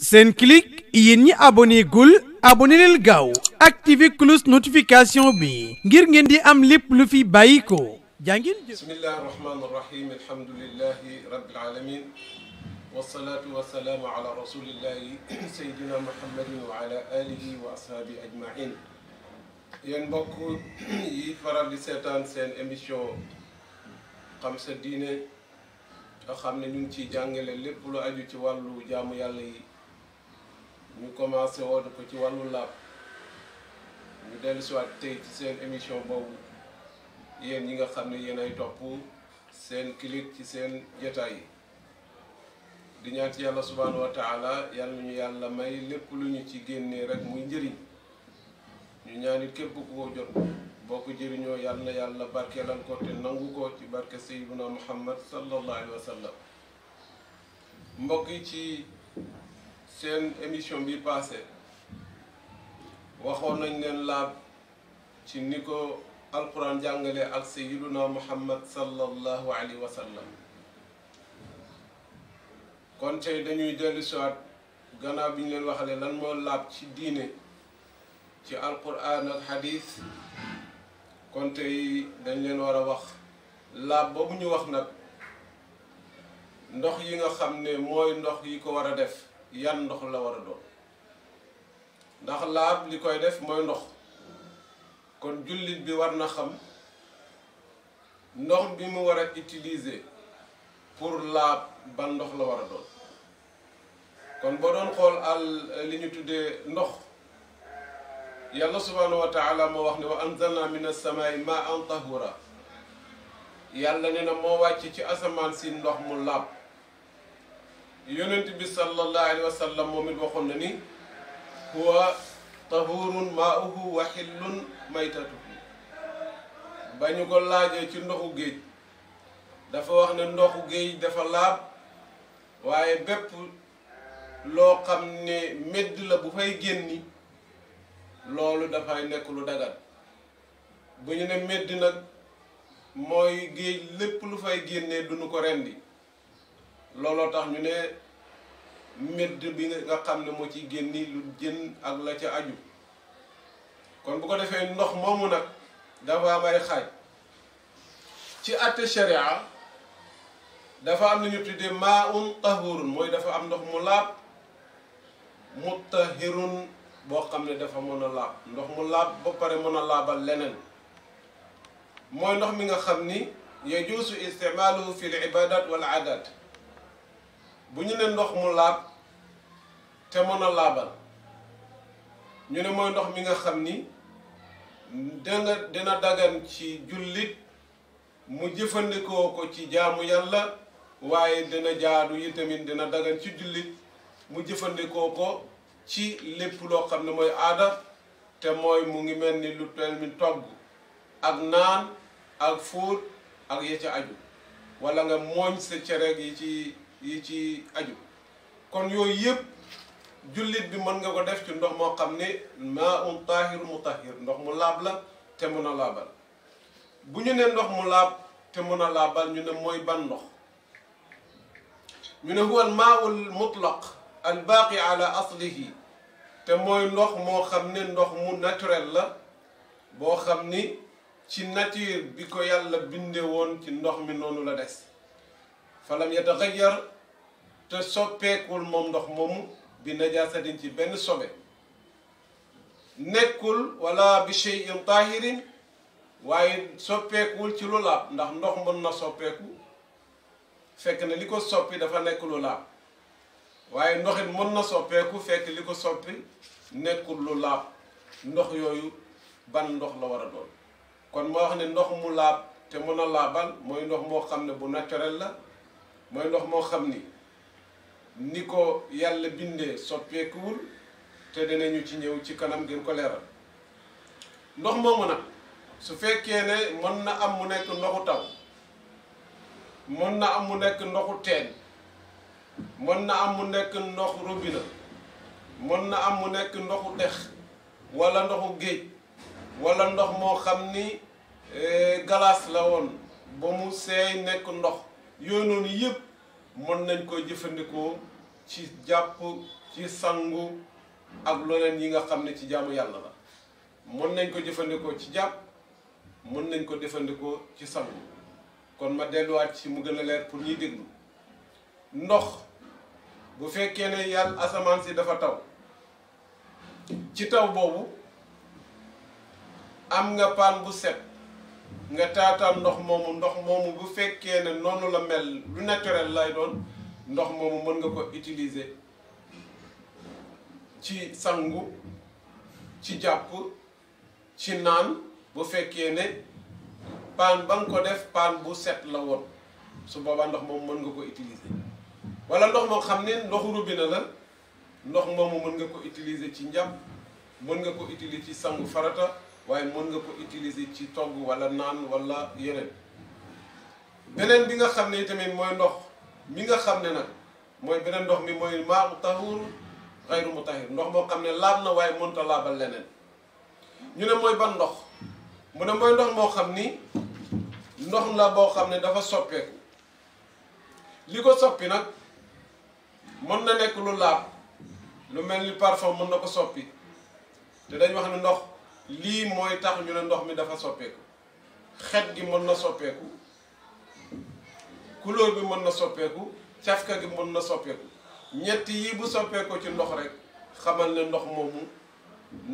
seen yéen ñi abonné gul abonné leen gaaw activé cloche notification bi ngir ngeen di am lépp lu fi bàyyi ko jàngin bismillahi rahmani rahim alhamdulillahi rabbil alamin wassalatu wassalamu di seetaan seen émission xam sa diine nga ne ñu ngi ciy jàngale lépp lu aju ci wàllu jaamu yàlla ñu commencé woon ko ci wàllu làpp ñu dellu siwaat tey ci seen émission boobu yéen ñi nga xam ne yéen ay topp seen kilik ci seen jotaay yi di ñaan ci yàlla subhaanahu wa yàlla ñu yàlla may lépp lu ñu ci génnee rek muy njëriñ ñu ñaanit képp ku ko jot boo ko jëriñoo yàlla na yàlla barkeelal ko te nangu ko ci barke sayyiduna muhammad sallallahu alayhi wa sallam mbokk yi ci seen émission bi passé waxoon nañ leen laab ci ni ko alquran jàngale ak sayyiduna muhammad sallallahu alayhi wa sallam kon dañuy dellu siwaat gannaaw bi ñu leen waxale lan moo laab ci diine ci alquran ak hadith kon tey dañ leen war a wax laab boobu ñu wax nag ndox yi nga xam ne mooy ndox yi ko war a def yan ndox la war a doon ndax laab li koy def mooy ndox kon jullit bi war na xam ndox bi mu war a utiliser pour laab ban ndox la war a doon kon boo doon xool al li ñu tuddee ndox yàlla subhaanahu wa taala moo wax ne wa anzalna min as-samaa'i maa'an tahura yàlla ne na moo wàcc ci asamaan si ndox mu laab yonent bi sallallahu alayhi wa sallam moom it waxoon na ni huwa tahurun maauhu wa xillun maytatuhu ba ñu ko laajee ci ndoxu géej dafa wax ne ndoxu géej dafa laab waaye bépp loo xam ne medd la bu fay génni loolu dafay nekk lu dagan bu ñu ne medd nag mooy géej lépp lu fay génnee duñu ko rendi looloo tax ñu ne medd bi nga xam ne moo ci génni lu jën ak la ca aju kon bu ko defee ndox moomu nag dafa am ay xaaj ci àtte sharia dafa am lu ñu tuddee maa un tahurun mooy dafa am ndox mu laab mutahirun boo xam ne dafa mën a ndox mu laab ba pare mën a laabal leneen mooy ndox mi nga xam ni yajuusu istimaaluhu fi l ibadat wal aadat bu ñu ne ndox mu laab te mën a laabal ñu ne mooy ndox mi nga xam ni danga dina dagan ci jullit mu jëfandikoo ko ci jaamu yàlla waaye dina jaadu yi tamit dina dagan ci jullit mu jëfandikoo ci lépp loo xam ne mooy aada te mooy mu ngi mel ni lu teel mi togg ak naan ak fóot ak ya ca aju wala nga mooñ sa cereeg yi ci yi ci aju kon yooyu yëpp jullit bi mën nga ko def ci ndox moo xam ne maa un taahir mutahhir ndox mu laab la te mën a laabal bu ñu ne ndox mu laab te mën a laabal ñu ne mooy ban ndox ñu ne huwa al maa'ul mutlaq al baaqi ala aslihi te mooy ndox moo xam ne ndox mu naturel la boo xam ni ci nature bi ko yàlla binde woon ci ndox mi noonu la des falam yataxayyar te soppeekul moom ndox moomu bi najaasatin ci benn sobe nekkul wala bi shay'in tahirin waaye soppeekuwul ci lu laab ndax ndox mën na soppeeku fekk ne li ko soppi dafa nekk lu laab waaye ndoxit mën na soppeeku fekk li ko soppi nekkul lu laab ndox yooyu ban ndox la war a doon kon moo wax ne ndox mu laab te mën a laabal mooy ndox moo xam ne bu naturel la mooy ndox moo xam ni ni ko yàlla bindee soppeekuwul te danañu ci ñëw ci kanam ngir ko leeral ndox moomu nag su fekkee ne mën na am mu nekk ndoxu taw mën na am mu nekk ndoxu teen mën na am mu nekk ndox robinet mën na am mu nekk ndoxu dex walla ndoxu géej wala ndox moo xam ni eh, galaas la woon ba mu seey nekk ndox yooyu noonu yëpp mën nañ koo jëfandikoo ci jàpp ci sangu ak leneen yi nga xam ne ci jàmm yàlla la mën nañ ko jëfandikoo ci jàpp mën nañ ko jëfandikoo ci sangu kon ma delluwaat ci mu gën a leer pour ñuy déglu ndox bu fekkee ne yàlla asamaan si dafa taw ci taw boobu am nga paan bu set nga taataan ndox moomu ndox moomu bu fekkee ne noonu la mel lu naturel lay doon ndox moomu mën nga ko utiliser ci sangu ci jàpp ci naan bu fekkee ne paan ba nga ko def paan bu set la woon su boobaa ndox moomu mën nga ko utiliser wala ndox moo xam ne ndoxu robinet la ndox moomu mën nga ko utiliser ci njàpp mën nga ko utiliser ci sangu farata waaye mën nga ko utiliser ci togg wala naan wala yeneen beneen bi nga xam ne tamit mooy ndox mi nga xam ne nag mooy beneen ndox mi mooy maa'u tahuur xayru ndox moo xam ne laab na waaye mënta laabal leneen ñu ne mooy ban ndox mu ne mooy ndox moo xam ni ndox la boo xam ne dafa soppeeku li ko soppi nag mën na nekk lu laab lu mel ni parfum mën na ko soppi te dañ wax ne ndox lii mooy tax ñu ne ndox mi dafa soppeeku xet gi mën na soppeeku couleur bi mën na soppeeku cafka gi mën na soppeeku ñett yi bu soppeeku ci ndox rek xamal ne ndox moomu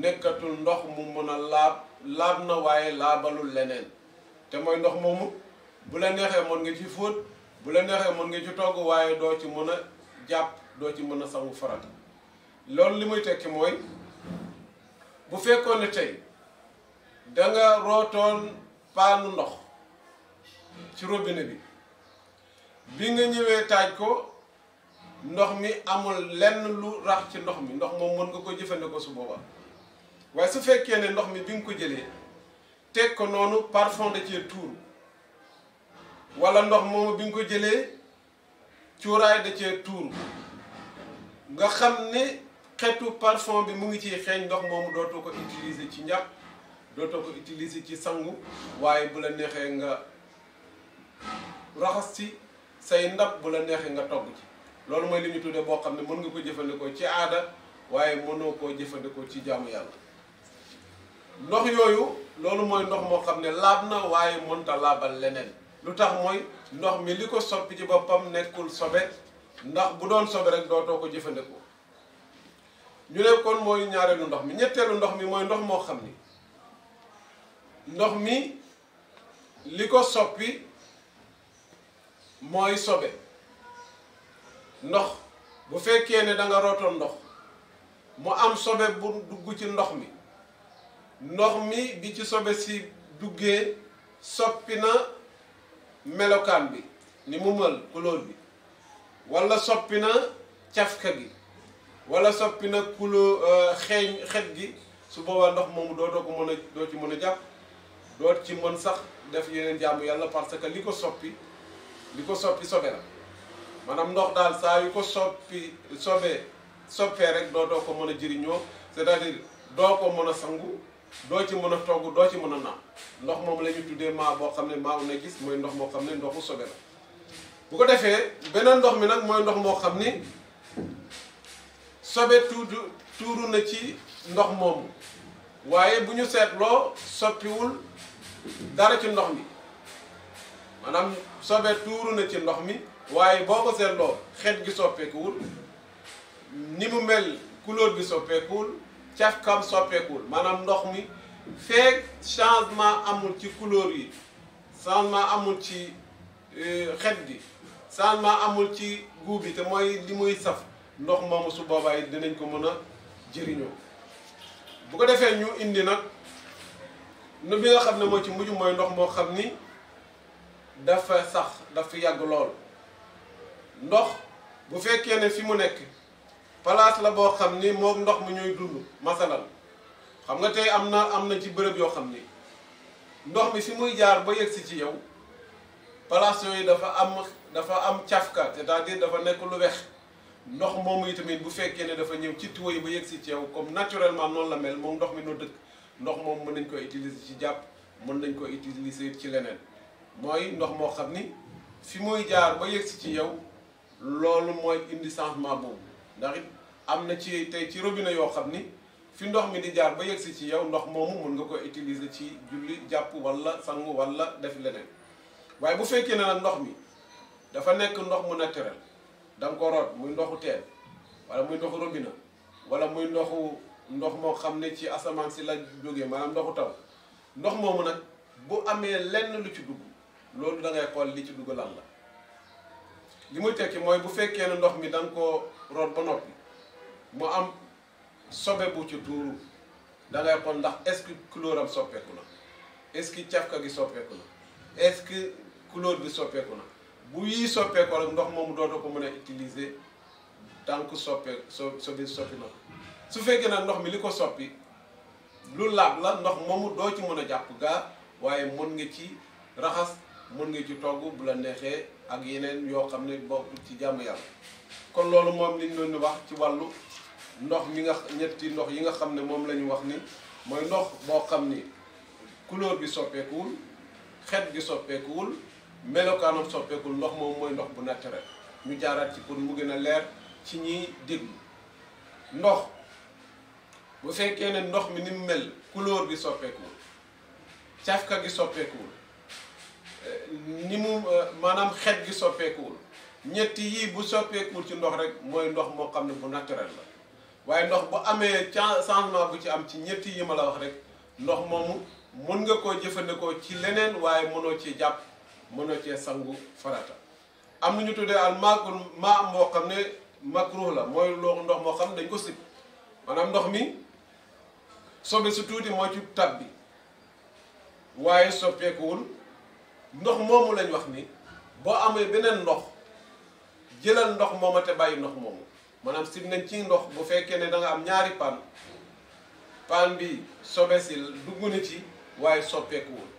nekkatul ndox mu mën a laab laab na waaye laabalul leneen te mooy ndox moomu bu la neexee mën nga ci fóot bu la neexee mën nga ci togg waaye doo ci mën a jàpp doo ci mën a sangu farata loolu li muy tekki mooy bu fekkoon ne tey danga nga rootoon paanu ndox ci robinet bi bi nga ñëwee taaj ko ndox mi amul lenn lu rax ci ndox mi ndox moom mën nga ko jëfandikoo su boobaa waaye su fekkee ne ndox mi bi nga ko jëlee teg ko noonu parfum da cee tuuru wala ndox moomu bi nga ko jëlee cuuraay da cee tuuru nga xam ne xeetu parfum bi mu ngi ciy xeeñ ndox moomu dootoo ko utiliser ci njàpp dootoo ko utiliser ci sangu waaye bu la neexee nga raxas ci say ndab bu la neexee nga togg ci loolu mooy li ñu tuddee boo xam ne mën nga ko jëfandikoo ci aada waaye mënoo koo jëfandikoo ci jaamu yàlla ndox yooyu loolu mooy ndox moo xam ne laab na waaye mënta laabal leneen lu tax mooy ndox mi li ko soppi ci boppam nekkul sobe ndax bu doon sobe rek dootoo ko jëfandikoo ñu ne kon mooy ñaareelu ndox mi ñetteelu ndox mi mooy ndox moo xam ni ndox mi li ko soppi mooy sobe ndox bu fekkee ne danga nga ndox mu am sobe bu dugg ci ndox mi ndox mi bi ci sobe si duggee soppi na melokaan bi ni mu mël couleur bi walla soppi na cafka gi wala soppi na kulo euh, xeeñ xet gi su boobaa ndox moomu dootoo ko mën a doo ci mën a jàpp doo ci mën sax def yeneen jaamu yàlla parce que li ko soppi li ko soppi sobe la maanaam ndox daal saa yu ko soppi sobee soppee rek doo dootoo ko mën a jëriñoo c'est-à-dire doo ko mën a sangu doo ci mën a togg doo ci mën a naan ndox moom la ñu tuddee maa boo xam ne maa u na gis mooy ndox moo xam ne ndoxu sobe la bu ko defee beneen ndox mi nag mooy ndox moo xam ne sobe tuudu tuuru na ci ndox moomu waaye bu ñu seetloo soppiwul dara ci ndox mi maanaam sobe tuuru na ci ndox mi waaye boo ko seetloo xeet gi soppeekuwul ni mu mel couleur bi soppeekuwul cafkaam soppeekuwul maanaam ndox mi feek changement amul ci couleur yi changement amul ci euh, xet gi changement amul ci guub bi te mooy li muy saf ndox moom su boobaay dinañ ko mën a jëriñoo bu ko defee ñu indi nag nu bi nga xam ne moo ci mujj mooy ndox moo xam ni dafa sax fi yàgg lool ndox bu fekkee ne fi mu nekk place la boo xam ni moo ndox mi ñuy dund masalal xam nga tey am na am na ci bërëb yoo xam ni ndox mi fi muy jaar ba yegsi ci yow place yooyu dafa am dafa am cafka cest à dafa nekk lu wex ndox moomu itamit bu fekkee ne dafa ñëw ci tuyau yi ba yegg si ci yow comme naturellement noon la mel moom ndox mi noo dëkk ndox moom mën nañ ko utiliser ci jàpp mën nañ ko utiliser ci leneen mooy ndox moo xam ni fi muy jaar ba yegg ci yow loolu mooy indi changement boobu ndax it am na ci tey ci robinet yoo xam ni fi ndox mi di jaar ba yegg si ci yow ndox moomu mën nga ko utiliser ci julli jàpp walla sangu walla def leneen waaye bu fekkee ne nag ndox mi dafa nekk ndox mu naturel da nga ko root muy ndoxu teen wala muy ndoxu robina wala muy ndoxu ndox moo xam ne ci asamaan si la jógee maanaam ndoxu taw ndox moomu nag bu amee lenn lu ci dugg loolu da ngay xool li ci dugg lan la li muy tekki mooy bu fekkee ne ndox mi da nga ko root ba noppi mu am sobe bu ci tuuru da ngay ndax est-ce que soppeeku na est-ce que cafka gi soppeeku na est-ce bi soppeeku na bu yii soppeekoo rek ndox moomu dootoo ko mën a utiliser tant que soppee so sobi soppi na su fekkee nag ndox mi li ko soppi lu laab la ndox moom doo ci mën a jàpp gaa waaye mën nga ci raxas mën nga ci togg bu la neexee ak yeneen yoo xam ne bokk ci jàmm yàlla kon loolu moom liñ doon wax ci wàllu ndox mi nga ñetti ndox yi nga xam ne moom la ñu wax ni mooy ndox moo xam ni couleur bi soppeekuwul xet gi soppeekuwul melokaanam soppeekul ndox moom mooy ndox bu naturel ñu jaaraat ci pour mu gën a leer ci ñiy déglu ndox bu fekkee ne ndox mi ni mu mel couleur bi soppeekuwul cafka gi soppeekul eh, ni mu eh, maanaam xet gi soppeekuwul ñetti yii bu soppeekuwul ci ndox rek mooy ndox moo xam ne bu naturel la waaye ndox bu amee changement bu ci am ci ñetti yi ma la wax rek ndox moomu mun nga koo jëfandikoo ci leneen waaye mënoo ci jàpp mënoo cee sangu farata am nañu tuddee al maakul maa moo xam ne makruh la mooy loo ndox moo xam dañ ko sib maanaam ndox mi sobe su tuuti moo ci tab bi waaye soppeekuwul ndox moomu lañ wax ni boo amee beneen ndox jëlal ndox mooma te bàyyi ndox moomu maanaam sib nañ ci ndox bu fekkee ne da nga am ñaari pan pan bi sobe si dugg na ci waaye soppeekuwul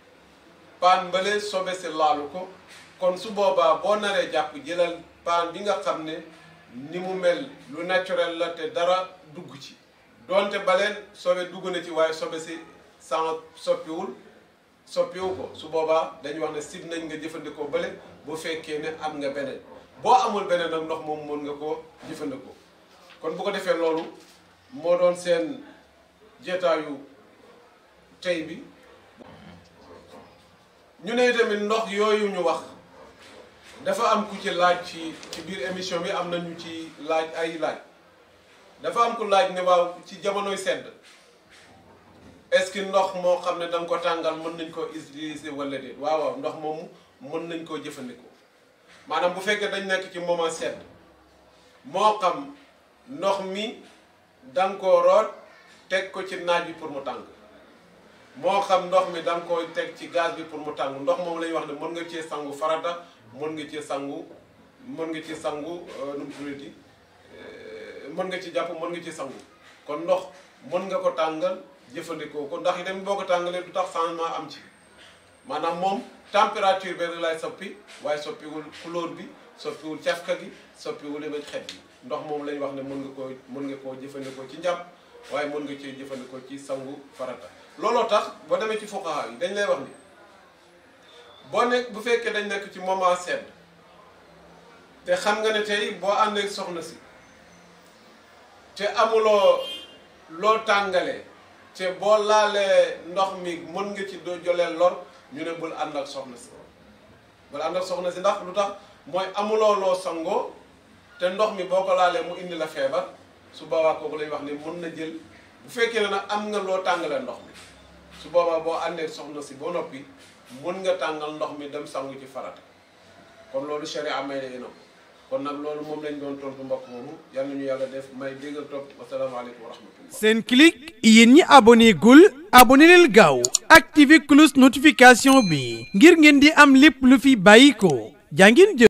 paan mbële sobe si laalu ko kon su boobaa boo naree jàpp jëlal paan bi nga xam ne ni mu mel lu naturel la te dara dugg ci donte bale sobe dugg na ci waaye sobe si sànq soppiwul soppiwu ko su boobaa dañuy wax ne sib nañ nga jëfandikoo bële bu fekkee ne am nga beneen boo amul beneen ak ndox moom mën nga ko jëfandikoo kon bu ko defee loolu moo doon seen jeetaayu tey bi ñu ne tamit ndox yooyu ñu wax dafa am ku ci laaj ci ci biir émission bi am na ñu ci laaj ay laaj dafa am ku laaj ne waaw ci jamonoy sedd est ndox moo xam ne da ko tàngal mën nañ koo utiliser wala déet waaw waaw ndox moomu mën nañ koo jëfandikoo maanaam bu fekkee dañ nekk ci moment sedd moo xam ndox mi da nga root teg ko ci naaj bi pour mu tàng moo xam ndox mi da nga koy teg ci gaz bi pour mu tàng ndox moom la wax ne mën nga cee sangu farata mën nga cee sangu mën nga ci sangu euh, nu mu euh, mën nga ci jàpp mën nga ci sangu kon ndox mën nga ko tàngal jëfandikoo ko ndax itam boo ko tàngalee du tax changement am ci maanaam moom température benn lay waaye soppiwul couleur bi soppiwul cafka gi soppiwul yeneen xet yi ndox moom lañ wax ne mën nga koo mën nga koo jëfandikoo ci njàpp waaye mën nga cee jëfandikoo ci sangu farata looloo tax boo demee ci fuqaha yi dañ lay wax ni boo nekk bu fekkee dañ nekk ci moom moment sedd te xam nga ne tey boo ànd ak soxna si te amuloo loo tàngalee te boo laalee ndox mi mën nga ci doo jolee lor ñu ne bul ànd ak soxna si bul ànd ak soxna si ndax lu tax mooy amuloo loo sangoo te ndox mi boo ko laalee mu indi la feebar su boobaa kooku lay wax ni mën na jël bu fekkee ne nag am nga loo tàngale ndox mi su boobaa boo àndee soxna si ba noppi mën nga tàngal ndox mi dem sangu ci farata kon loolu sharia may na ina kon nag loolu moom lañ doon tontu mbokk moomu yal ñu yàlla def may dégg topp wasalaamaaleykum wa seen Senclic yéen ñi abonné gul abonné leen gaaw activé cloche notification bi ngir ngeen di am lépp lu fi bàyyi ko jaa ngeen jëf